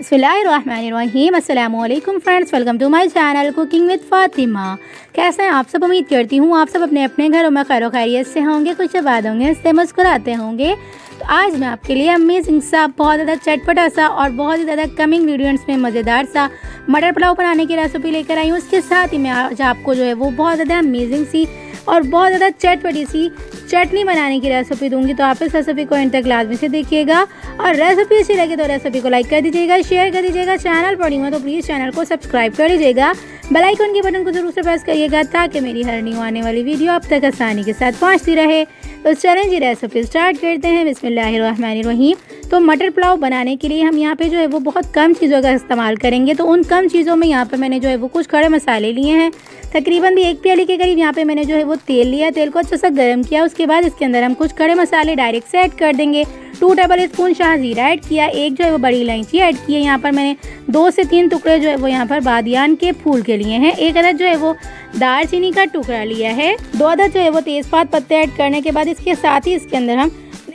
बसमिलकुम friends welcome to my channel cooking with Fatima कैसे हैं आप सब उम्मीद करती हूँ आप सब अपने अपने घरों में खैर खैरियत से होंगे कुछ आबाद होंगे इससे मुस्कुराते होंगे तो आज मैं आपके लिए अमेजिंग सा बहुत ज़्यादा चटपटा सा और बहुत ही ज़्यादा कमिंग इंग्रीडियंट्स में मज़ेदार सा मटर पुलाव बनाने की रेसिपी लेकर आई हूँ उसके साथ ही मैं आज आपको जो है वो बहुत ज़्यादा अमेजिंग सी और बहुत ज़्यादा चटपटी सी चटनी बनाने की रेसिपी दूंगी तो आप इस रेसिपी को इन तक लाजमी से देखिएगा और रेसिपी अच्छी लगे तो रेसिपी को लाइक कर दीजिएगा शेयर कर दीजिएगा चैनल पर हुआ तो प्लीज़ चैनल को सब्सक्राइब कर लीजिएगा बेलाइकन के बटन को ज़रूर से प्रेस करिएगा ताकि मेरी हर न्यू आने वाली वीडियो आप तक आसानी के साथ पहुँचती रहे तो चलें जी रेसिपी स्टार्ट करते हैं बिसमीम तो मटर पुलाव बनाने के लिए हम यहाँ पे जो है वो बहुत कम चीज़ों का इस्तेमाल करेंगे तो उन कम चीज़ों में यहाँ पे मैंने जो है वो कुछ खड़े मसाले लिए हैं तकरीबन भी एक प्याली के करीब यहाँ पे मैंने जो है वो तेल लिया तेल को अच्छा सा गर्म किया उसके बाद इसके अंदर हम कुछ खड़े मसाले डायरेक्ट से ऐड कर देंगे टू टेबल स्पून शाह जीरा ऐड किया एक जो है वो बड़ी इलायची ऐड की है यहाँ पर मैंने दो से तीन टुकड़े जो है वो यहाँ पर बादियान के फूल के लिए हैं एक अदर जो है वो दालचीनी का टुकड़ा लिया है दो अदर जो है वो तेज़पात पत्ते ऐड करने के बाद इसके साथ ही इसके अंदर हम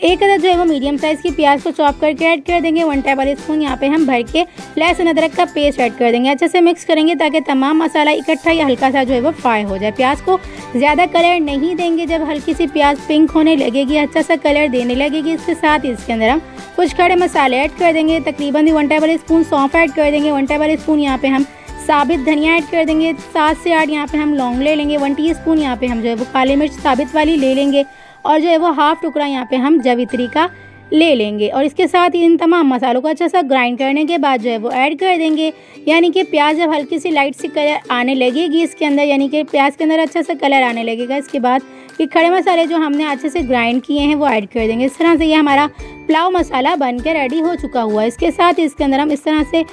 एक अदर जो है वो मीडियम साइज़ की प्याज को चॉप करके ऐड कर देंगे वन टेबल स्पून यहाँ पे हम भर के लहसुन अदरक का पेस्ट ऐड कर देंगे अच्छे से मिक्स करेंगे ताकि तमाम मसाला इकट्ठा या हल्का सा जो है वो फ्राई हो जाए प्याज को ज़्यादा कलर नहीं देंगे जब हल्की सी प्याज पिंक होने लगेगी अच्छा सा कलर देने लगेगी इसके साथ इसके अंदर हम कुछ खड़े मसाले ऐड कर देंगे तकरीबन ही वन टेबल स्पून सौंफ ऐड कर देंगे वन टेबल स्पून यहाँ पे हम साबित धनिया ऐड कर देंगे सात से आठ यहाँ पे हम लौंग ले लेंगे वन टी स्पून यहाँ पे हम जो है वो काली मिर्च साबित वाली ले लेंगे और जो है वो हाफ़ टुकड़ा यहाँ पे हम जवित्री का ले लेंगे और इसके साथ इन तमाम मसालों को अच्छा सा ग्राइंड करने के बाद जो है वो ऐड कर देंगे यानी कि प्याज जब हल्की सी लाइट सी कलर आने लगेगी इसके अंदर यानी कि प्याज के अंदर अच्छा सा कलर आने लगेगा इसके बाद ये खड़े मसाले जो हमने अच्छे से ग्राइंड किए हैं वो ऐड कर देंगे इस तरह से ये हमारा पुलाव मसाला बन के रेडी हो चुका हुआ है इसके साथ इसके अंदर हम इस तरह से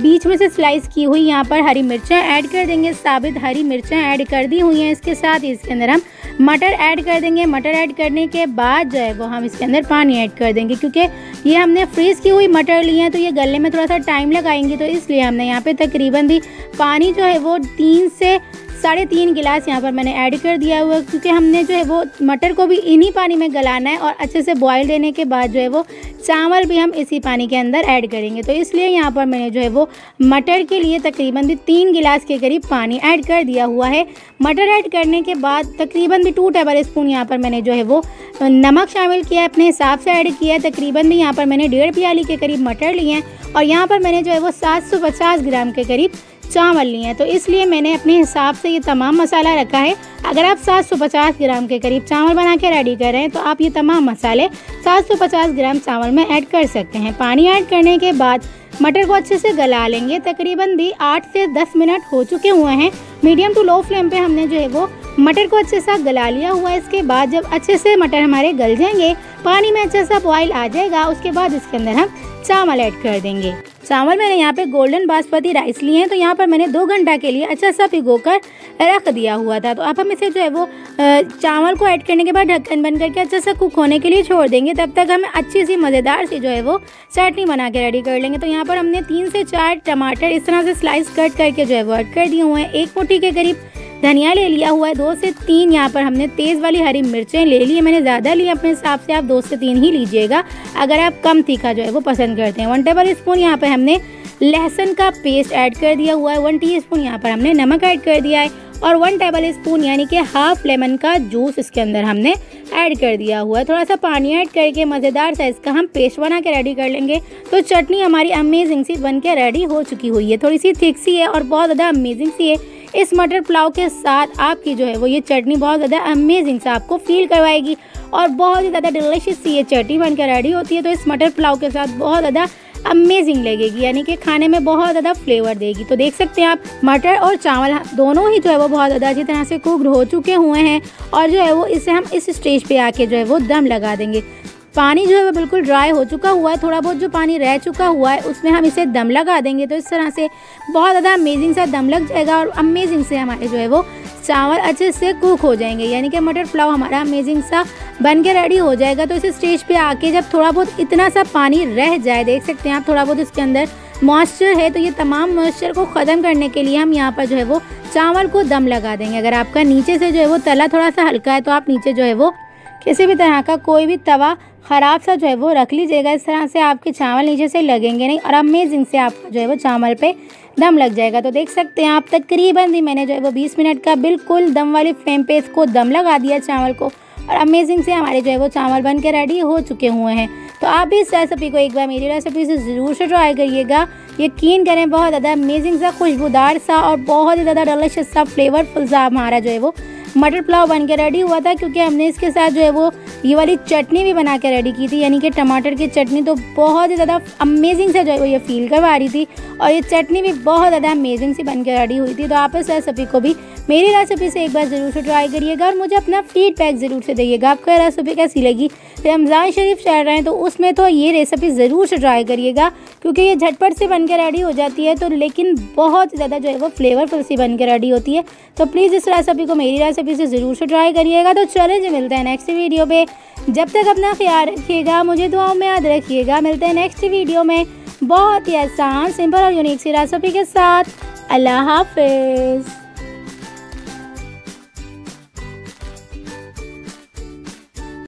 बीच में से स्लाइस की हुई यहाँ पर हरी मिर्चें ऐड कर देंगे साबित हरी मिर्चें ऐड कर दी हुई हैं इसके साथ इसके अंदर हम मटर ऐड कर देंगे मटर ऐड करने के बाद जो है वो हम इसके अंदर पानी ऐड कर देंगे क्योंकि ये हमने फ्रीज़ की हुई मटर ली है तो ये गलने में थोड़ा सा टाइम लगाएंगे तो इसलिए हमने यहाँ पर तकरीबन भी पानी जो है वो तीन से साढ़े तीन गिलास यहाँ पर मैंने ऐड कर दिया हुआ क्योंकि हमने जो है वो मटर को भी इन्हीं पानी में गलाना है और अच्छे से बॉयल देने के बाद जो है वो चावल भी हम इसी पानी के अंदर ऐड करेंगे तो इसलिए यहाँ पर मैंने जो है वो मटर के लिए तकरीबन भी तीन गिलास के करीब पानी ऐड कर दिया हुआ है मटर ऐड करने के बाद तकरीबन भी टू टेबल स्पून यहाँ पर मैंने जो है वो नमक शामिल किया है अपने हिसाब से ऐड किया है तकरीबन भी यहाँ पर मैंने डेढ़ प्याली के करीब मटर लिए हैं और यहाँ पर मैंने जो है वो सात सौ पचास ग्राम के करीब चावल लिए हैं तो इसलिए मैंने अपने हिसाब से ये तमाम मसाला रखा है अगर आप 750 ग्राम के करीब चावल बना के रेडी कर रहे हैं तो आप ये तमाम मसाले 750 ग्राम चावल में ऐड कर सकते हैं पानी ऐड करने के बाद मटर को अच्छे से गला लेंगे तकरीबन भी आठ से दस मिनट हो चुके हुए हैं मीडियम टू लो फ्लेम पे हमने जो है वो मटर को अच्छे से गला लिया हुआ है इसके बाद जब अच्छे से मटर हमारे गल जाएंगे पानी में अच्छे सा बॉयल आ जाएगा उसके बाद इसके अंदर हम चावल ऐड कर देंगे चावल मैंने यहाँ पे गोल्डन बासमती राइस लिए हैं तो यहाँ पर मैंने दो घंटा के लिए अच्छा सा भिगो कर रख दिया हुआ था तो अब हम इसे जो है वो चावल को ऐड करने के बाद ढक्कन बंद करके अच्छा सा कुक होने के लिए छोड़ देंगे तब तक हम अच्छी सी मज़ेदार सी जो है वो चटनी बना के रेडी कर लेंगे तो यहाँ पर हमने तीन से चार टमाटर इस तरह से स्लाइस कट करके जो है वो ऐड कर दिए हुए हैं एक मुठ्ठी के करीब धनिया ले लिया हुआ है दो से तीन यहाँ पर हमने तेज़ वाली हरी मिर्चें ले ली है मैंने ज़्यादा ली अपने हिसाब से आप दो से तीन ही लीजिएगा अगर आप कम तीखा जो है वो पसंद करते हैं वन टेबल स्पून यहाँ पर हमने लहसुन का पेस्ट ऐड कर दिया हुआ है वन टी स्पून यहाँ पर हमने नमक ऐड कर दिया है और वन टेबल स्पून यानी कि हाफ लेमन का जूस इसके अंदर हमने ऐड कर दिया हुआ है थोड़ा सा पानी ऐड करके मज़ेदार सा इसका हम पेस्ट बना के रेडी कर लेंगे तो चटनी हमारी अमेजिंग सी बन के रेडी हो चुकी हुई है थोड़ी सी थिक सी है और बहुत ज़्यादा अमेजिंग सी है इस मटर पुलाव के साथ आपकी जो है वो ये चटनी बहुत ज़्यादा अमेजिंग से आपको फील करवाएगी और बहुत ही ज़्यादा डिलिशियस सी ये चटनी बनकर रेडी होती है तो इस मटर पुलाव के साथ बहुत ज़्यादा अमेजिंग लगेगी यानी कि खाने में बहुत ज़्यादा फ्लेवर देगी तो देख सकते हैं आप मटर और चावल दोनों ही जो है वो बहुत ज़्यादा अच्छी तरह से कुक हो चुके हुए हैं और जो है वो इसे हम इस स्टेज पे आके जो है वो दम लगा देंगे पानी जो है वो बिल्कुल ड्राई हो चुका हुआ है थोड़ा बहुत जो पानी रह चुका हुआ है उसमें हम इसे दम लगा देंगे तो इस तरह से बहुत ज़्यादा अमेजिंग सा दम लग जाएगा और अमेजिंग से हमारे जो है वो चावल अच्छे से कुक हो जाएंगे यानी कि मटर पुलाव हमारा अमेजिंग सा बन के रेडी हो जाएगा तो इस स्टेज पे आके जब थोड़ा बहुत इतना सा पानी रह जाए देख सकते हैं आप थोड़ा बहुत इसके अंदर मॉइस्चर है तो ये तमाम मॉइस्चर को ख़त्म करने के लिए हम यहाँ पर जो है वो चावल को दम लगा देंगे अगर आपका नीचे से जो है वो तला थोड़ा सा हल्का है तो आप नीचे जो है वो किसी भी तरह का कोई भी तवा ख़राब सा जो है वो रख लीजिएगा इस तरह से आपके चावल नीचे से लगेंगे नहीं और अमेजिंग से आपका जो है वो चावल पे दम लग जाएगा तो देख सकते हैं आप तकरीबन ही मैंने जो है वो 20 मिनट का बिल्कुल दम वाली फ्लेम पे इसको दम लगा दिया चावल को और अमेजिंग से हमारे जो है वो चावल बन के रेडी हो चुके हुए हैं तो आप भी इस रेसिपी को एक बार मेरी रेसिपी से ज़रूर से ट्राई करिएगा यकीन करें बहुत ज़्यादा अमेजिंग सा खुशबूदार सा और बहुत ही ज़्यादा डिलिशियस सा फ्लेवरफुल सा हमारा जो है वो मटर पुलाव बन के रेडी हुआ था क्योंकि हमने इसके साथ जो है वो ये वाली चटनी भी बना के रेडी की थी यानी कि टमाटर की चटनी तो बहुत ही ज़्यादा अमेजिंग से जो है वो ये फील करवा रही थी और ये चटनी भी बहुत ज़्यादा अमेजिंग सी बन के रेडी हुई थी तो आप इस रेसिपी को भी मेरी रेसिपी से एक बार ज़रूर से ट्राई करिएगा और मुझे अपना फीडबैक ज़रूर से दीजिएगा आपको ये रेसिपी कैसी लगी रमज़ान शरीफ चल रहे हैं तो उसमें तो ये रेसिपी ज़रूर से ट्राई करिएगा क्योंकि ये झटपट से बन के रेडी हो जाती है तो लेकिन बहुत ज़्यादा जो है वो फ्लेवरफुल सी बन के रेडी होती है तो प्लीज़ इस रेसिपी को मेरी रेसिपी आप इसे ज़रूर से ट्राई करिएगा तो चले जी मिलते हैं नेक्स्ट वीडियो पे जब तक अपना ख्याल रखिएगा मुझे दुआओं में याद रखिएगा मिलते हैं नेक्स्ट वीडियो में बहुत ही आसान सिंपल और यूनिक सी रेसिपी के साथ अल्लाह हाफिज़